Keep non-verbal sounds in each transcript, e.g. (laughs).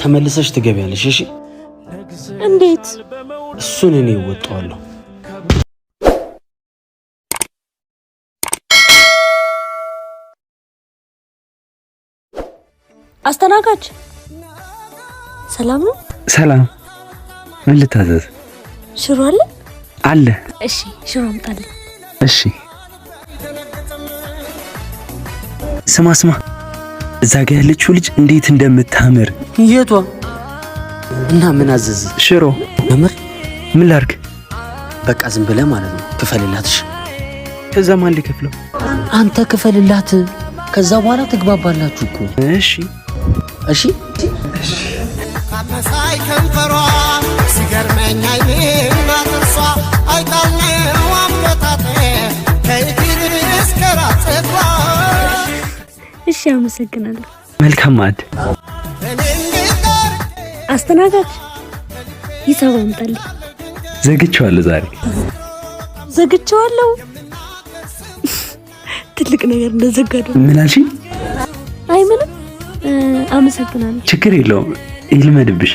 ተመልሰሽ ትገቢያለሽ። እሺ? እንዴት? እሱን እኔ እወጣዋለሁ። አስተናጋጅ ሰላም ነው? ሰላም። ምን ልታዘዝ? ሽሮ አለ? አለ። እሺ፣ ሽሮ አምጣልኝ። እሺ። ስማ ስማ እዛ ጋ ያለችው ልጅ እንዴት እንደምታምር የቷ? እና ምን አዘዝ? ሽሮ ምር ምን ላርግ? በቃ ዝም ብለህ ማለት ነው ክፈልላትሽ። ከዛ ማን ልከፍለው? አንተ ክፈልላት፣ ከዛ በኋላ ትግባባላችሁ እኮ። እሺ እሺ ሳይ ከንፈሯ ሲገርመኛ ይና ጥርሷ አይጣልነው አምሮታቴ ከእግር እስከ ራስ እሺ፣ አመሰግናለሁ። መልካም ማዕድ። አስተናጋጅ ይሰው አምጣልኝ። ዘግቼዋለሁ። ዛሬ ዘግቼዋለሁ። ትልቅ ነገር እንደዘጋዱ ምን አልሽኝ? አይ ምንም። አመሰግናለሁ። ችግር የለውም። ይልመድብሽ።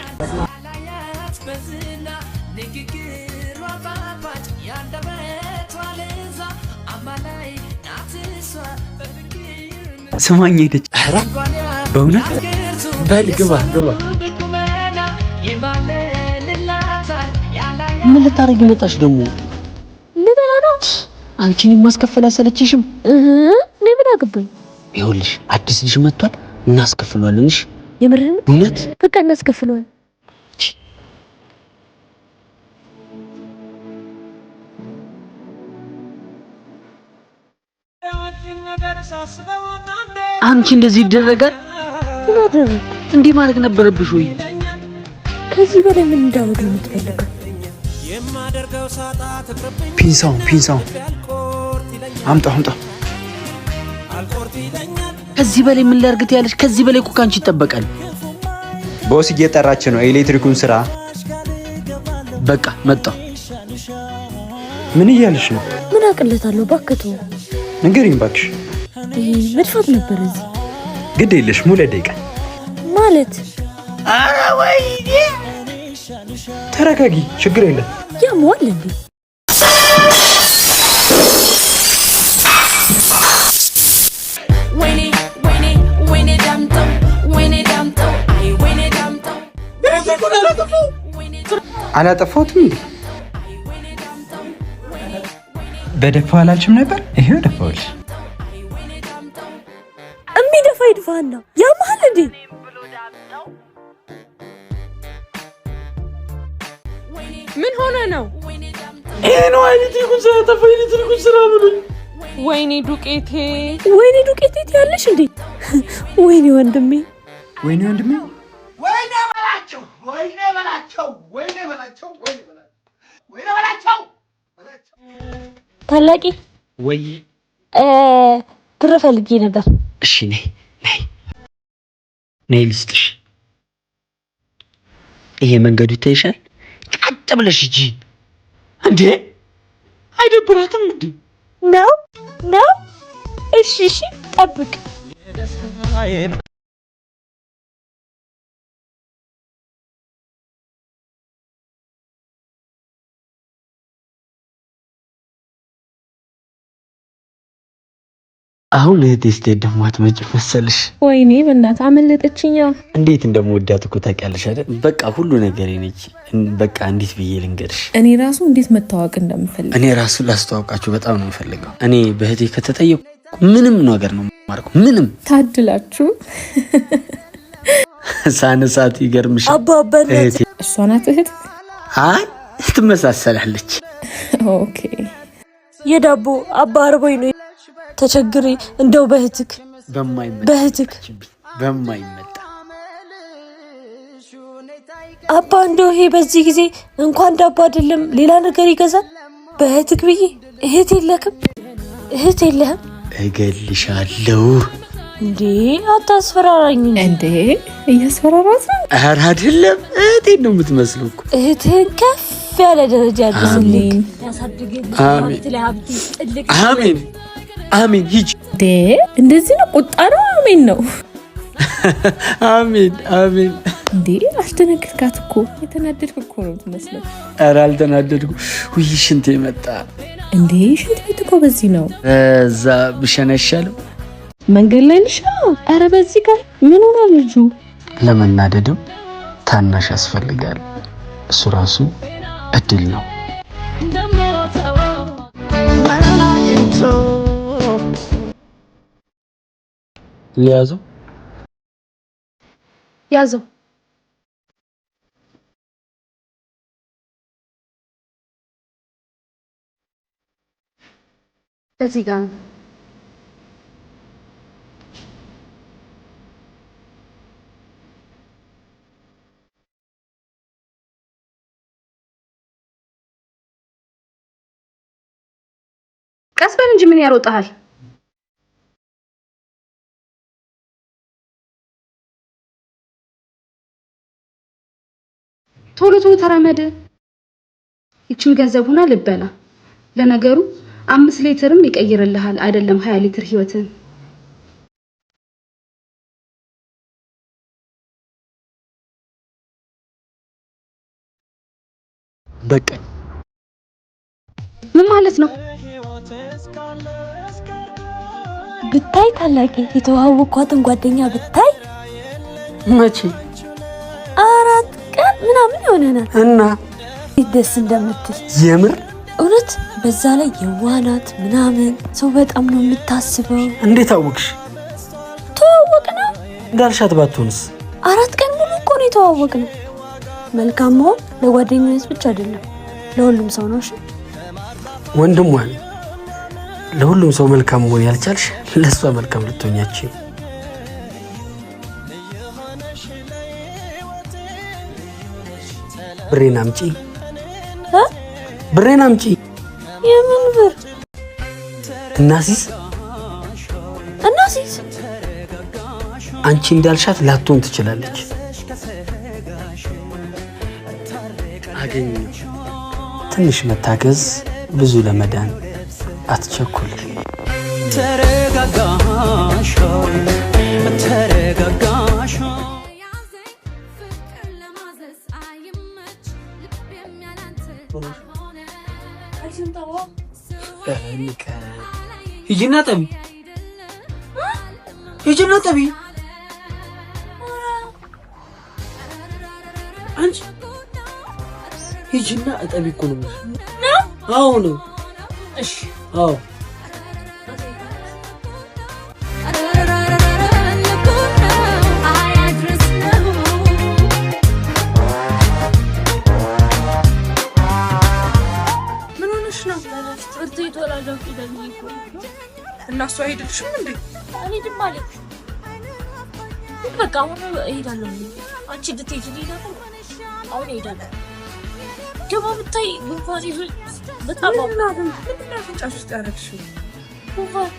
ስማኝ ሄደች። ኧረ በእውነት በል ግባ ግባ። ምን መጣሽ ደግሞ? ልበላ ነው። አንቺን ማስከፈል አሰለችሽም? እኔ ምን አገባኝ። ይኸውልሽ አዲስ ልጅ መጥቷል፣ እናስከፍለዋለን። እሺ የምርህን? እውነት በቃ እናስከፍለዋለን። አንቺ እንደዚህ ይደረጋል? እንዲህ ማድረግ ነበረብሽ ወይ? ከዚህ በላይ ምን እንዳደርግ ነው የምትፈልገው? ፒንሳውን ፒንሳውን አምጣ አምጣ። ከዚህ በላይ ምን ላርግት ያለሽ? ከዚህ በላይ እኮ ካንቺ ይጠበቃል። ቦስ እየጠራች ነው የኤሌክትሪኩን ስራ። በቃ መጣ። ምን እያለሽ ነው? ምን አቅለታለሁ ባክቶ ንገሪኝ እባክሽ። መድፋት ነበር እዚህ። ግድ የለሽ ሙለ ደቂቃ ማለት ኧረ ወይኔ፣ ተረጋጊ፣ ችግር የለም። መዋል እንዴ? አላጠፋሁትም እንዴ? በደፋ አላልችም ነበር? ይሄው ደፋሁልሽ። እሚደፋ ይድፋና ያማል እንዴ? ምን ሆነ ነው? ይሄ ነው አይነት ይኩን ስራ ጠፋ አይነት ይኩን ስራ ብሉኝ። ወይኔ ዱቄቴ፣ ወይኔ ዱቄቴ ያለሽ እንዴ? ወይኔ ወንድሜ፣ ወይኔ ወንድሜ፣ ወይኔ በላቸው፣ ወይኔ በላቸው፣ ወይኔ በላቸው፣ ወይኔ በላቸው፣ ወይኔ በላቸው ታላቂ ወይ ብር ፈልጌ ነበር። እሺ ነይ ነይ ነይ ልስጥሽ። ይሄ መንገዱ ይታይሻል። ቀጥ ብለሽ ሂጂ። እንዴ አይደብራትም እንዴ? ነው ነው። እሺ እሺ፣ ጠብቅ አሁን እህቴ ስቴት ደግሞ አትመጭም መሰልሽ? ወይኔ በእናትህ አመለጠችኛ። እንዴት እንደምወዳት እኮ ታውቂያለሽ አይደል? በቃ ሁሉ ነገር ነች። በቃ እንዴት ብዬ ልንገርሽ፣ እኔ ራሱ እንዴት መታወቅ እንደምፈልግ እኔ ራሱ ላስተዋውቃችሁ በጣም ነው የምፈልገው። እኔ በእህቴ ከተጠየቁ ምንም ነገር ነው ማርኩ። ምንም ታድላችሁ (laughs) ሳነሳት ይገርምሽ። አባባእህቴ እሷ ናት እህት? አይ ትመሳሰላለች። ኦኬ የዳቦ አባ አርቦኝ ነው ተቸግሬ እንደው በህትክ በህትክ በማይመጣ አባ እንደው ይሄ በዚህ ጊዜ እንኳን ዳቦ አይደለም ሌላ ነገር ይገዛል። በህትክ ብዬ እህት የለክም፣ እህት የለህም። እገልሻለሁ። እንዴ አታስፈራራኝ እንዴ! እያስፈራራት ነው። ኧረ አይደለም፣ እህቴን ነው የምትመስለው እኮ። እህትህን ከፍ ያለ ደረጃ ያድርስልኝ፣ ያሳድግልኝ። አሜን አሜን። አሜን። ሂጅ እንደዚህ ነው ቁጣ ነው። አሜን ነው። አሜን አሜን። እንዴ አልደነገጥካት እኮ የተናደድክ እኮ ነው ትመስለው። ኧረ አልተናደድኩ። ውይ ሽንቴ መጣ። እንዴ ሽንት ቤት እኮ በዚህ ነው። እዛ ብሸና ይሻለው መንገድ ላይ ልሻ። ኧረ በዚህ ጋር ምን ሆና ልጁ። ለመናደድም ታናሽ ያስፈልጋል። እሱ ራሱ እድል ነው። ሊያዘው ያዘው እዚህ ጋር ነው። ቀስ በል እንጂ ምን ያሮጣሃል? ቶሎ ቶሎ ተራመደ። ይቺም ገንዘብ ሆና ልበላ። ለነገሩ አምስት ሊትርም ይቀይርልሃል አይደለም ሀያ ሊትር ህይወትን። በቀ ምን ማለት ነው? ብታይ ታላቂ የተዋወኳትን ጓደኛ ብታይ መቼ ምናምን የሆነናል እና ደስ እንደምትል የምር እውነት። በዛ ላይ የዋናት ምናምን ሰው በጣም ነው የምታስበው። እንዴት አወቅሽ? ተዋወቅ ነው እንዳልሻት ባትሆንስ? አራት ቀን ሙሉ እኮ ነው የተዋወቅ ነው። መልካም መሆን ለጓደኝነት ብቻ አይደለም ለሁሉም ሰው ነው። እሺ ወንድሟን ለሁሉም ሰው መልካም መሆን ያልቻልሽ ለእሷ መልካም ልትሆኛችን ብሬን አምጪ፣ ብሬን አምጪ። የምን ብር? እናሲስ እናሲስ፣ አንቺ እንዳልሻት ላትሆን ትችላለች። አገኘ ትንሽ መታገዝ ብዙ ለመዳን አትቸኩል። ተረጋጋሽ ሂጂና ጠቢ፣ ሂጂና ጠቢ። አንቺ ሂጂና አጠቢ እኮ ነው። አዎ ነው። እሺ፣ አዎ Schweigen schwimmen. Annedim malik. በቃ አሁን እሄዳለሁ። አንቺ እንድትሄጂ ሌላ አሁን እሄዳለሁ። ደግሞ ብታይ ጉንፋን ይዞ በጣም ምናፍንጫሽ ውስጥ ያደረግሽው ጉንፋን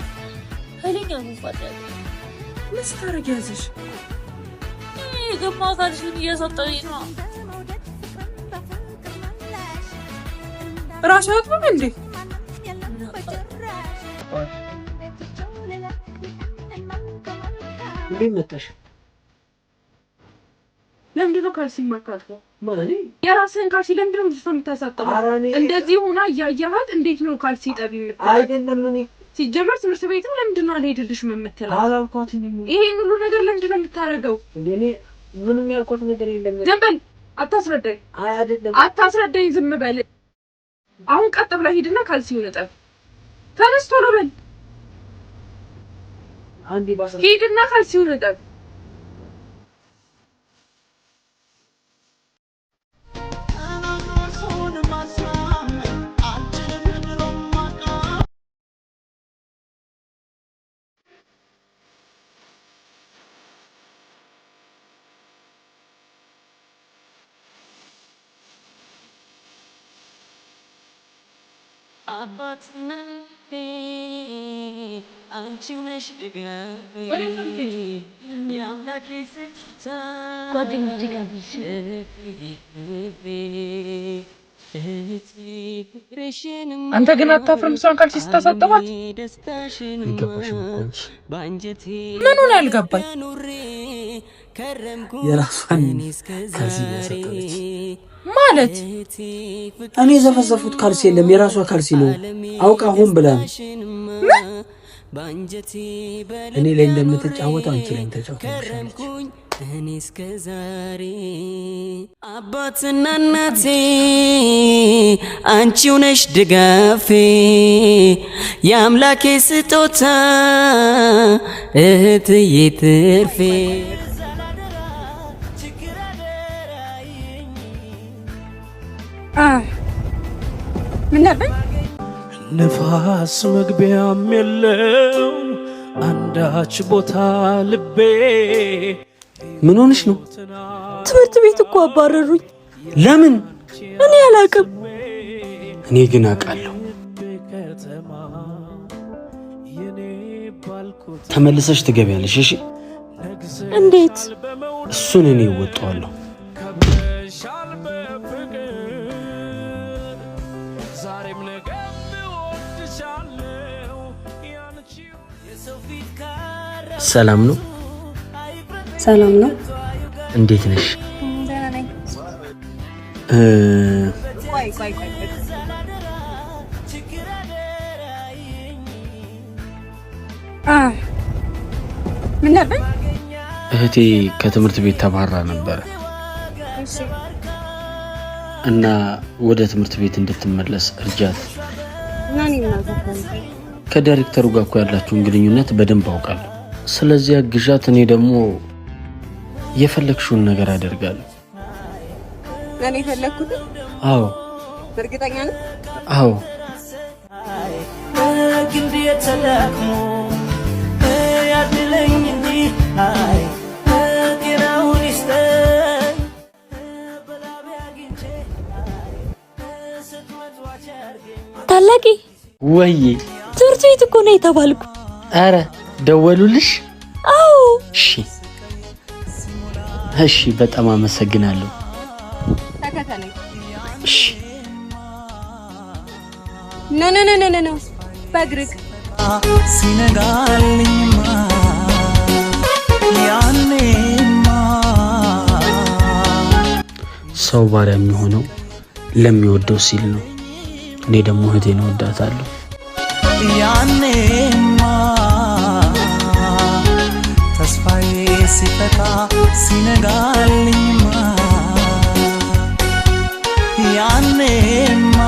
ኃይለኛ ጉንፋን ያለ ምን ስታደርጊ ያዘሽ? የገማ አካልሽን እያሳጠረኝ ነው። ራሽ አያጥብም እንዴ? እንዴት መጣሽ? ለምንድን ነው ካልሲ ማካስ? ማለቴ የራስህን ካልሲ ለምንድን ነው የምታሳጥበው? እንደዚህ ሆና እያየሃት እንዴት ነው ካልሲ ጠቢ? አይደለም እኔ ሲጀመር ትምህርት ቤትም ለምንድን ነው አልሄድልሽም የምትለው? አላልኳትም። ይሄን ሁሉ ነገር ለምንድን ነው የምታደርገው? ምንም ያልኳት ነገር የለም። ዝም በል አታስረዳኝ። አይ አይደለም አታስረዳኝ፣ ዝም በል አሁን ቀጥ ብላ ሂድና ካልሲውን እጠብ። ተነስ ቶሎ በል ሂድና ካልሲውን እጠብ አባትነት አንቺ ነሽ የአምላኬ ስጦታ አንተ ግን አታፍርም? እሷን ካልሲ ስታሳጥባት ምን ሆነ ያልገባኝ የራሷን ካልሲ ያሳጠበች ማለት እኔ የዘፈዘፉት ካልሲ የለም፣ የራሷ ካልሲ ነው። አውቃ ሆን ብላ እኔ ላይ እንደምትጫወት አንቺ ላይ ተጫወታለች። እኔ እስከ ዛሬ አባትና እናቴ አንቺው ነሽ ድጋፌ የአምላኬ ስጦታ እህትዬ ትርፌ ምን ንፋስ መግቢያም የለው አንዳች ቦታ ልቤ ምን ሆንሽ ነው? ትምህርት ቤት እኮ አባረሩኝ። ለምን? እኔ አላውቅም። እኔ ግን አውቃለሁ። ተመልሰሽ ትገቢያለሽ። እሺ? እንዴት? እሱን እኔ እወጣዋለሁ። ዛሬም ነገም እወድሻለሁ ሰላም ነው ሰላም ነው። እንዴት ነሽ? ምን ነበር እህቴ ከትምህርት ቤት ተባራ ነበረ። እና ወደ ትምህርት ቤት እንድትመለስ እርጃት። ከዳይሬክተሩ ጋር እኮ ያላችሁን ግንኙነት በደንብ አውቃለሁ። ስለዚህ ግዣት። እኔ ደግሞ የፈለግሽውን ነገር አደርጋለሁ። እኔ የፈለግኩት? አዎ። እርግጠኛ ነህ? አዎ። ግንድ የተለቅሞ ያድለኝ እንዲህ አይ ታላቂ ወይ ትምህርት ቤት እኮ ነው የተባልኩ። አረ ደወሉልሽ? አዎ። እሺ እሺ፣ በጣም አመሰግናለሁ። እሺ። ኖ ኖ ኖ ኖ ኖ በእግርህ ሰው ባሪያ የሚሆነው ለሚወደው ሲል ነው። እኔ ደግሞ እህቴን እወዳታለሁ። ያኔማ ተስፋዬ ሲፈታ ሲነጋልኝማ ያኔማ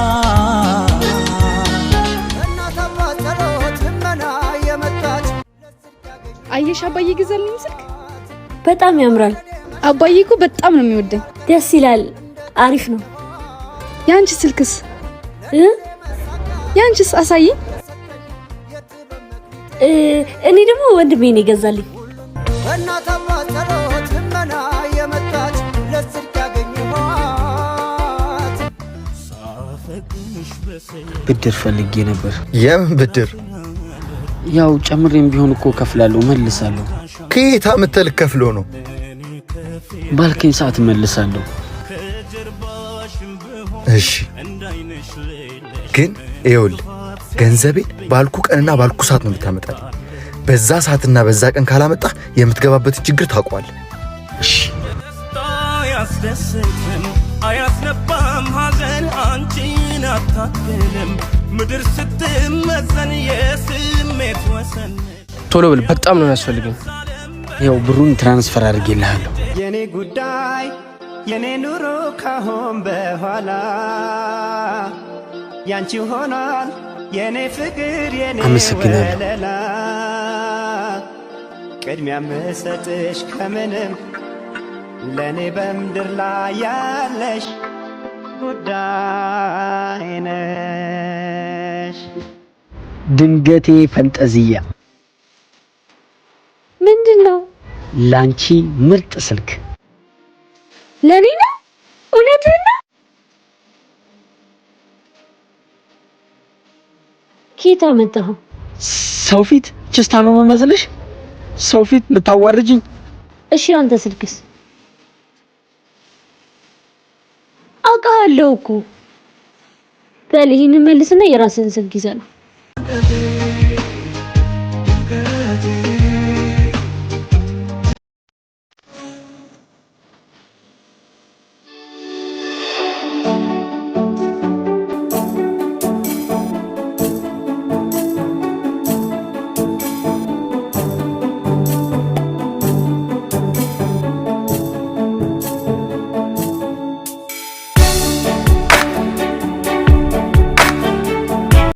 አየሽ አባዬ ግዛልኝ ስልክ በጣም ያምራል። አባዬ እኮ በጣም ነው የሚወደኝ። ደስ ይላል። አሪፍ ነው። የአንቺ ስልክስ? ያንቺስ አሳይ። እኔ ደግሞ ወንድሜ ነው የገዛልኝ። እናት አባት ጸሎት ልመና የመጣች ያገኘኋት ብድር ፈልጌ ነበር። የምን ብድር? ያው ጨምሬም ቢሆን እኮ ከፍላለሁ፣ መልሳለሁ። ከየት አምጥተህ ልከፍሎ ነው? ባልከኝ ሰዓት መልሳለሁ። እሺ ግን ይኸውልህ ገንዘቤን ባልኩ ቀንና ባልኩ ሰዓት ነው የምታመጣልኝ። በዛ ሰዓትና በዛ ቀን ካላመጣህ የምትገባበትን ችግር ታውቀዋለህ። እሺ ያስደስትም አያስነባም ሐዘን አንቺን አታክልም። ምድር ስትመዘን የስሜት ወሰን ቶሎ ብል በጣም ነው ያስፈልገኝ። ያው ብሩን ትራንስፈር አድርጌልሃለሁ። የኔ ጉዳይ የኔ ኑሮ ካሁን በኋላ ያንቺ ሆኗል የኔ ፍቅር የኔ ወለላ ቅድሚያ ምሰጥሽ ከምንም ለእኔ በምድር ላይ ያለሽ ጉዳይ ነሽ። ድንገቴ ፈንጠዝያ ምንድን ነው? ላንቺ ምርጥ ስልክ ለኔ ነው። እውነትህን ነው? ኬት አመጣኸው? ሰው ፊት ችስታ ነው መመስለሽ? ሰው ፊት ልታዋርጅኝ? እሺ አንተ ስልክስ? አውቃለሁ እኮ በል ይሄንን መልስና የራስን ስልክ ይዘህ ነው